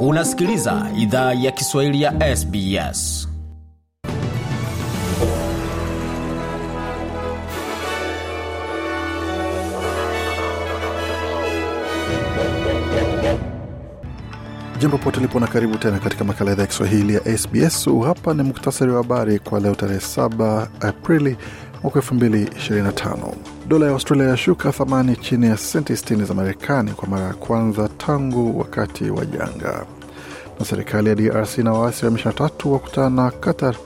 Unasikiliza idhaa ya Kiswahili ya SBS. Jambo pote lipo na karibu tena katika makala idhaa ya Kiswahili ya SBS. U hapa ni muktasari wa habari kwa leo tarehe 7 Aprili mwaka 2025. Dola ya Australia yashuka thamani chini ya senti 60 za Marekani kwa mara ya kwanza tangu wakati wa janga. Na serikali ya DRC na waasi wa M23 wakutana Qatar,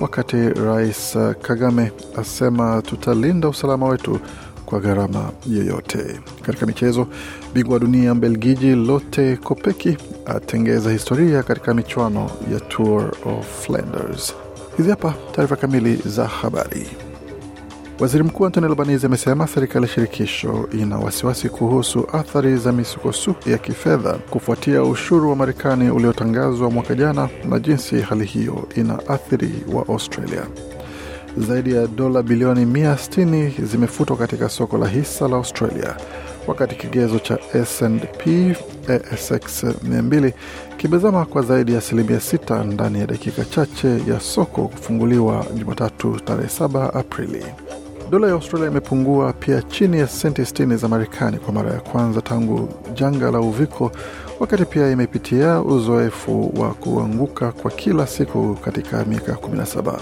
wakati Rais Kagame asema tutalinda usalama wetu kwa gharama yoyote. Katika michezo, bingwa wa dunia Mbelgiji Lotte Kopecky atengeza historia katika michuano ya Tour of Flanders. Hizi hapa taarifa kamili za habari. Waziri Mkuu Antoni Albanese amesema serikali ya shirikisho ina wasiwasi kuhusu athari za misukosuko ya kifedha kufuatia ushuru wa Marekani uliotangazwa mwaka jana na jinsi hali hiyo ina athiri wa Australia. Zaidi ya dola bilioni 160 zimefutwa katika soko la hisa la Australia wakati kigezo cha S&P ASX 200 kimezama kwa zaidi ya asilimia 6 ndani ya dakika chache ya soko kufunguliwa Jumatatu tarehe 7 Aprili. Dola ya Australia imepungua pia chini ya senti 60 za Marekani kwa mara ya kwanza tangu janga la Uviko, wakati pia imepitia uzoefu wa kuanguka kwa kila siku katika miaka 17.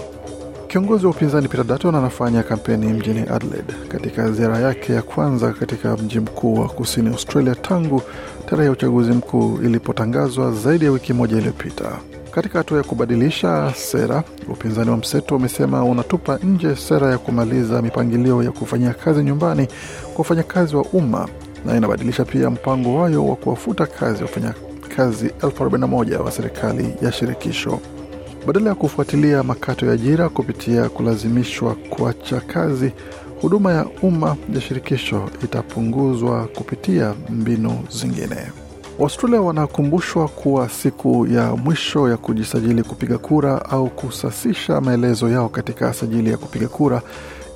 Kiongozi wa upinzani Peter Dutton anafanya kampeni mjini Adelaide katika ziara yake ya kwanza katika mji mkuu wa kusini Australia tangu tarehe ya uchaguzi mkuu ilipotangazwa zaidi ya wiki moja iliyopita. Katika hatua ya kubadilisha sera, upinzani wa mseto umesema unatupa nje sera ya kumaliza mipangilio ya kufanyia kazi nyumbani kwa wafanyakazi wa umma na inabadilisha pia mpango wayo wa kuwafuta kazi wafanyakazi 41 wa serikali ya shirikisho badala ya kufuatilia makato ya ajira kupitia kulazimishwa kuacha kazi huduma ya umma ya shirikisho itapunguzwa kupitia mbinu zingine. Waustralia wanakumbushwa kuwa siku ya mwisho ya kujisajili kupiga kura au kusasisha maelezo yao katika sajili ya kupiga kura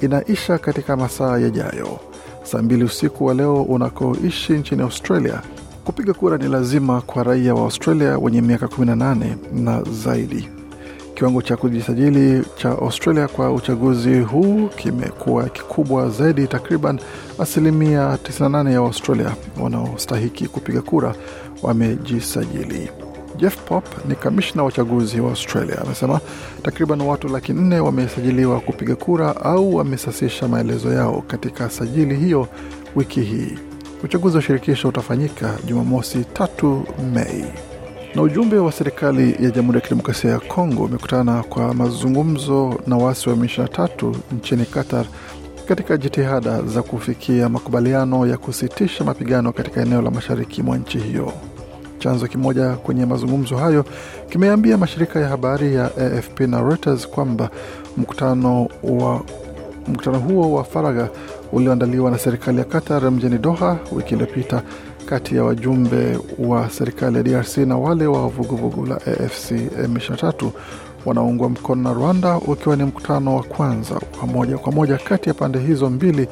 inaisha katika masaa yajayo, saa mbili usiku wa leo unakoishi nchini Australia. Kupiga kura ni lazima kwa raia wa Australia wenye miaka 18 na zaidi. Kiwango cha kujisajili cha Australia kwa uchaguzi huu kimekuwa kikubwa zaidi. Takriban asilimia 98 ya Australia wanaostahiki kupiga kura wamejisajili. Jeff Pop ni kamishna wa uchaguzi wa Australia, amesema takriban watu laki nne wamesajiliwa kupiga kura au wamesasisha maelezo yao katika sajili hiyo wiki hii. Uchaguzi wa shirikisho utafanyika Jumamosi, 3 Mei. Na ujumbe wa serikali ya Jamhuri ya Kidemokrasia ya Kongo umekutana kwa mazungumzo na waasi wa M23 nchini Qatar katika jitihada za kufikia makubaliano ya kusitisha mapigano katika eneo la mashariki mwa nchi hiyo. Chanzo kimoja kwenye mazungumzo hayo kimeambia mashirika ya habari ya AFP na Reuters kwamba mkutano, wa, mkutano huo wa faragha ulioandaliwa na serikali ya Qatar mjini Doha wiki iliyopita kati ya wajumbe wa serikali ya DRC na wale wa vuguvugu la AFC M23 wanaoungwa mkono na Rwanda, ukiwa ni mkutano wa kwanza wa moja kwa moja kati ya pande hizo mbili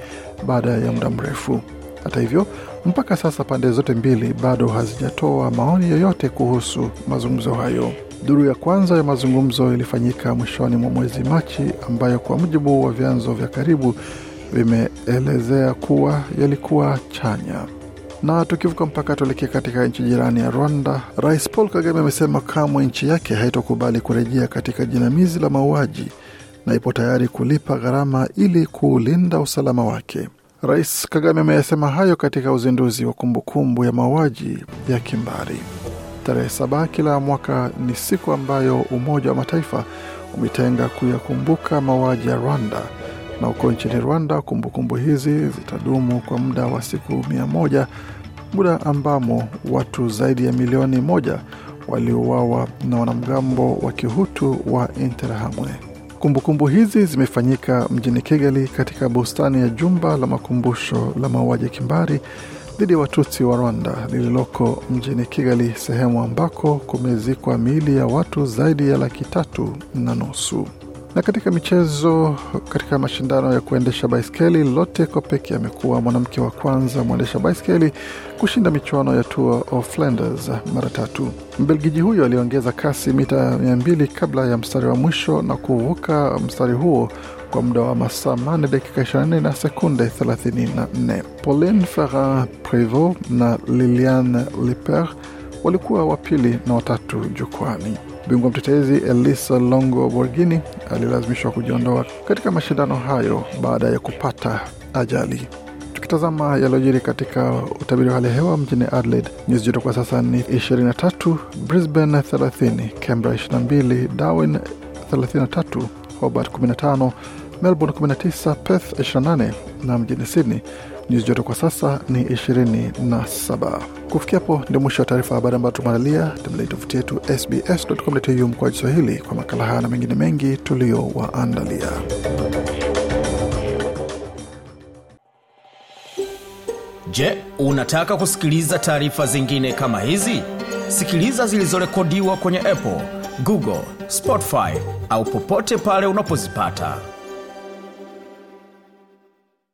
baada ya muda mrefu. Hata hivyo, mpaka sasa pande zote mbili bado hazijatoa maoni yoyote kuhusu mazungumzo hayo. Duru ya kwanza ya mazungumzo ilifanyika mwishoni mwa mwezi Machi, ambayo kwa mujibu wa vyanzo vya karibu vimeelezea kuwa yalikuwa chanya. Na tukivuka mpaka tuelekea katika nchi jirani ya Rwanda, Rais Paul Kagame amesema kamwe nchi yake haitokubali kurejea katika jinamizi la mauaji na ipo tayari kulipa gharama ili kuulinda usalama wake. Rais Kagame ameyasema hayo katika uzinduzi wa kumbukumbu ya mauaji ya kimbari. Tarehe saba kila mwaka ni siku ambayo Umoja wa Mataifa umetenga kuyakumbuka mauaji ya Rwanda na huko nchini Rwanda kumbukumbu kumbu hizi zitadumu kwa muda wa siku mia moja, muda ambamo watu zaidi ya milioni moja waliuawa na wanamgambo wa kihutu wa Interahamwe. Kumbukumbu hizi zimefanyika mjini Kigali katika bustani ya jumba la makumbusho la mauaji kimbari dhidi ya Watutsi wa Rwanda lililoko mjini Kigali, sehemu ambako kumezikwa miili ya watu zaidi ya laki tatu na nusu. Na katika michezo, katika mashindano ya kuendesha baiskeli, Lotte kopeki amekuwa mwanamke wa kwanza mwendesha baiskeli kushinda michuano ya Tour of Flanders mara tatu. Mbelgiji huyo aliongeza kasi mita 200 kabla ya mstari wa mwisho na kuvuka mstari huo kwa muda wa masaa mane dakika 24 na sekunde 34. Pauline Ferrand Prevot na Liliane Lippert walikuwa wa pili na watatu jukwani. Bingwa mtetezi Elisa Longo Borghini alilazimishwa kujiondoa katika mashindano hayo baada ya kupata ajali. Tukitazama yaliyojiri katika utabiri wa hali ya hewa mjini Adelaide, nyuzi joto kwa sasa ni 23, Brisbane 30, Canberra 22, Darwin 33, Hobart 15, Melbourne 19, Perth 28 na mjini Sydney nyuzi joto kwa sasa ni 27. Kufikia hapo ndio mwisho wa taarifa habari ambayo tumeandalia. Tembelei tovuti yetu sbs.com.au kwa Kiswahili kwa makala haya na mengine mengi tuliyowaandalia. Je, unataka kusikiliza taarifa zingine kama hizi? Sikiliza zilizorekodiwa kwenye Apple, Google, Spotify au popote pale unapozipata.